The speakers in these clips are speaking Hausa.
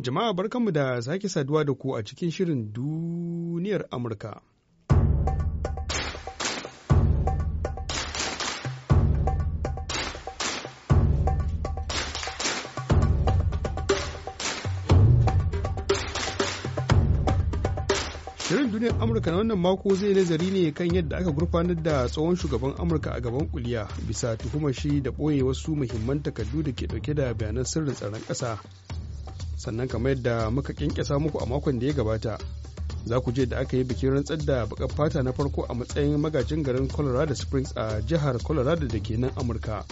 Jama'a barkanmu da sake saduwa da ku a cikin shirin duniyar Amurka. Shirin duniyar Amurka na wannan mako zai nazari ne kan yadda aka gurfanar da tsohon shugaban Amurka a gaban kuliya bisa tuhumar shi da ɓoye wasu muhimman takardu da ke ɗauke da bayanan sirrin tsaron ƙasa sannan kamar yadda muka kinkisa muku a makon da ya gabata za ku je da aka yi bikin rantsar da bakar fata na farko a matsayin magajin garin colorado springs a jihar colorado da ke nan amurka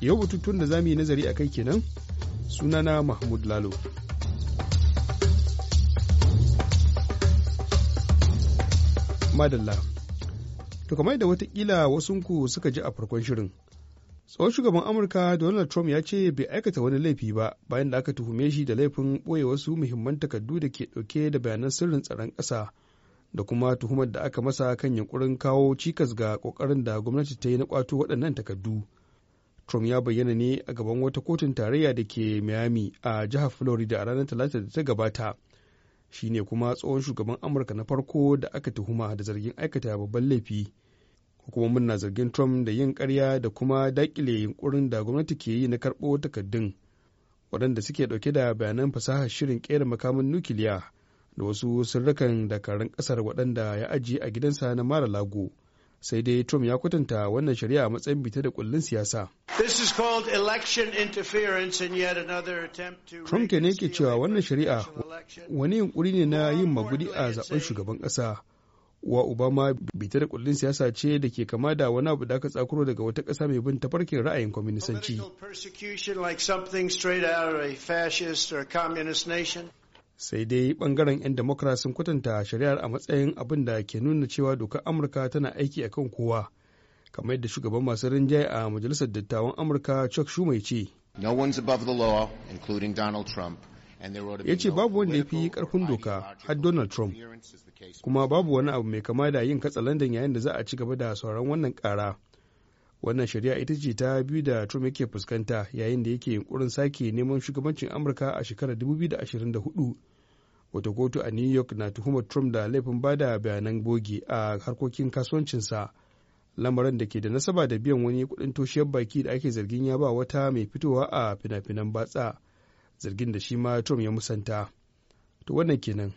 yau bututun da za mu yi nazari a kai kenan sunana mahmud lalo madalla to kamar da watakila wasunku suka ji a farkon shirin tsohon shugaban amurka donald trump ya ce bai aikata wani laifi ba bayan da aka tuhume shi da laifin ɓoye wasu muhimman takardu da ke ɗauke da bayanan sirrin tsaron ƙasa da kuma tuhumar da aka masa kan yankurin kawo cikas ga ƙoƙarin da gwamnati ta yi na ƙwato waɗannan takardu trump ya bayyana ne a gaban wata kotun tarayya da ke miami a jihar florida a ranar talata da ta gabata shine kuma tsohon shugaban amurka na farko da aka tuhuma da zargin aikata babban laifi hukumomin na zargin trump da yin karya da kuma dakile yunkurin da gwamnati ke yi na karɓo takardun waɗanda suke ɗauke da bayanan fasahar shirin ƙera makamin nukiliya da wasu sirrukan dakarun ƙasar waɗanda ya aji a gidansa na mara lago sai dai trump ya kwatanta wannan shari'a a matsayin bita da kullun siyasa trump ke ne ke cewa wannan shari'a wani yunkuri ne na yin magudi a zaɓen shugaban ƙasa uwa obama bitar kullin siyasa ce da ke kama da wani abu da aka tsakuro daga wata ƙasa mai bin tafarkin ra'ayin kwaminisanci sai dai bangaren 'yan democrat sun kwatanta shari'ar a matsayin abin da ke nuna cewa dokar amurka tana aiki a kan kowa kamar yadda shugaban masu rinjaye a majalisar dattawan amurka chuck schumer ce no one's the law including donald trump ya ce babu wanda ya fi karfin doka har donald trump kuma babu wani abu mai kama da yin katsalandan yayin da za a ci gaba da sauran wannan kara wannan shari'a ita ce ta biyu da trump yake fuskanta yayin da yake yunkurin sake neman shugabancin amurka a shekarar 2024 wata kotu a new york na tuhumar trump da laifin bada bayanan goge a harkokin kasuwancinsa lamarin da ke da nasaba da biyan wani kudin toshiyar baki da ake zargin ya ba wata mai fitowa a fina-finan batsa zargin da shi ma Trump ya musanta. To wannan kenan.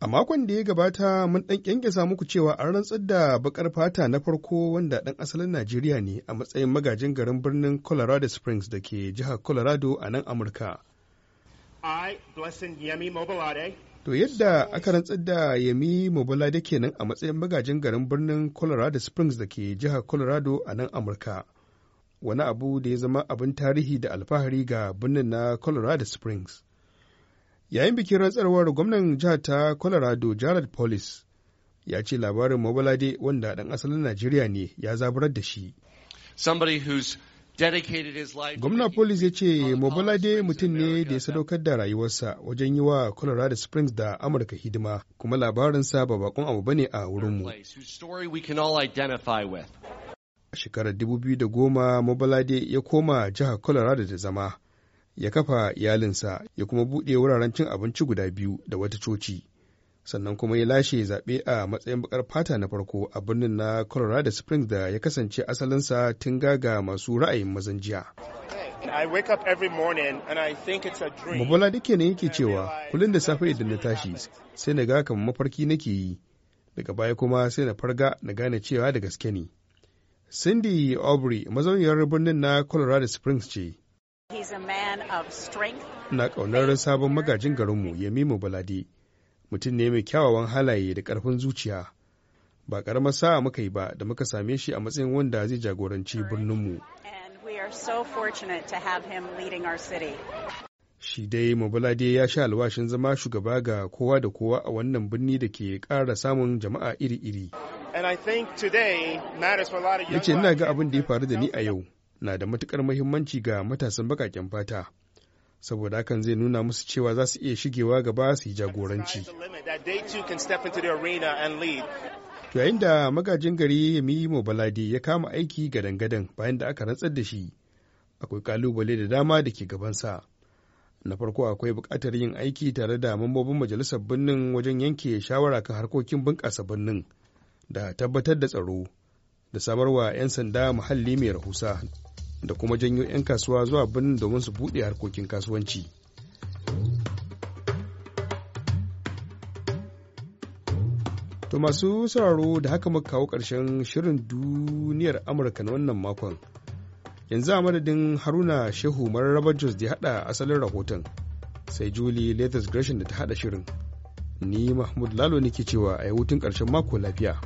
A makon da ya gabata mun ɗan ƙyanƙyasa muku cewa an rantsar da bakar fata na farko wanda ɗan asalin Najeriya ne a matsayin magajin garin birnin Colorado Springs da ke jihar Colorado a nan Amurka. To yadda aka rantsar da Yemi Mobolade kenan a matsayin magajin garin birnin Colorado Springs da ke jihar Colorado a nan Amurka. wani abu da ya zama abin tarihi da alfahari ga birnin na colorado springs yayin bikin ratsarwar gwamnan jihar ta colorado jared polis ya ce labarin mobalade wanda ɗan asalin najeriya ne ya zaburar da shi gwamna polis ya ce mobalade mutum ne da ya sadaukar da rayuwarsa wajen yi wa colorado springs da amurka hidima kuma labarinsa ba bakon abu bane a wurinmu a shekarar 2010 mobalade ya koma jihar Colorado da zama, ya kafa iyalinsa ya kuma buɗe wuraren cin abinci guda biyu da wata coci. Sannan kuma ya lashe zaɓe a matsayin bakar fata na farko a birnin na Colorado Springs da ya kasance asalinsa tun gaga masu ra'ayin mazan jiya. Mabola duke ne yake cewa kullum da safe idan na tashi sai na ga kamar mafarki nake yi, daga baya kuma sai na farga na gane cewa da gaske ne. Cindy Aubrey mazauniyar birnin na Colorado Springs ce. Na ƙaunar sabon magajin garinmu ya Yamimu Baladi, mutum ne mai kyawawan halaye da ƙarfin zuciya. Ba ƙaramar sa'a muka yi ba da muka same shi a matsayin wanda zai jagoranci birninmu. shi dai mobalade ya sha alwashin zama shugaba ga kowa da kowa a wannan birni da ke kara samun jama'a iri-iri ya ce ina ga abin da ya faru da ni a yau na da matukar mahimmanci ga matasan baƙaƙen fata saboda hakan zai nuna musu cewa za su iya shigewa gaba su yi jagoranci to yayin da magajin gari yami mobalade ya kama aiki gadan-gadan bayan da aka rantsar da shi akwai kalubale da dama da ke gabansa na farko akwai buƙatar yin aiki tare da mambobin majalisar birnin wajen yanke shawara kan harkokin bunƙasa birnin da tabbatar da tsaro da samarwa 'yan sanda muhalli mai rahusa da kuma janyo 'yan kasuwa zuwa birnin domin su buɗe harkokin kasuwanci to masu sauraro da haka muka kawo ƙarshen shirin duniyar amurka na wannan makon yanzu a madadin haruna shehu mararraba jos da hada asalin rahoton sai julie latest gresham da ta hada shirin ni mahmud lalo nake cewa a yi hutun ƙarshen mako lafiya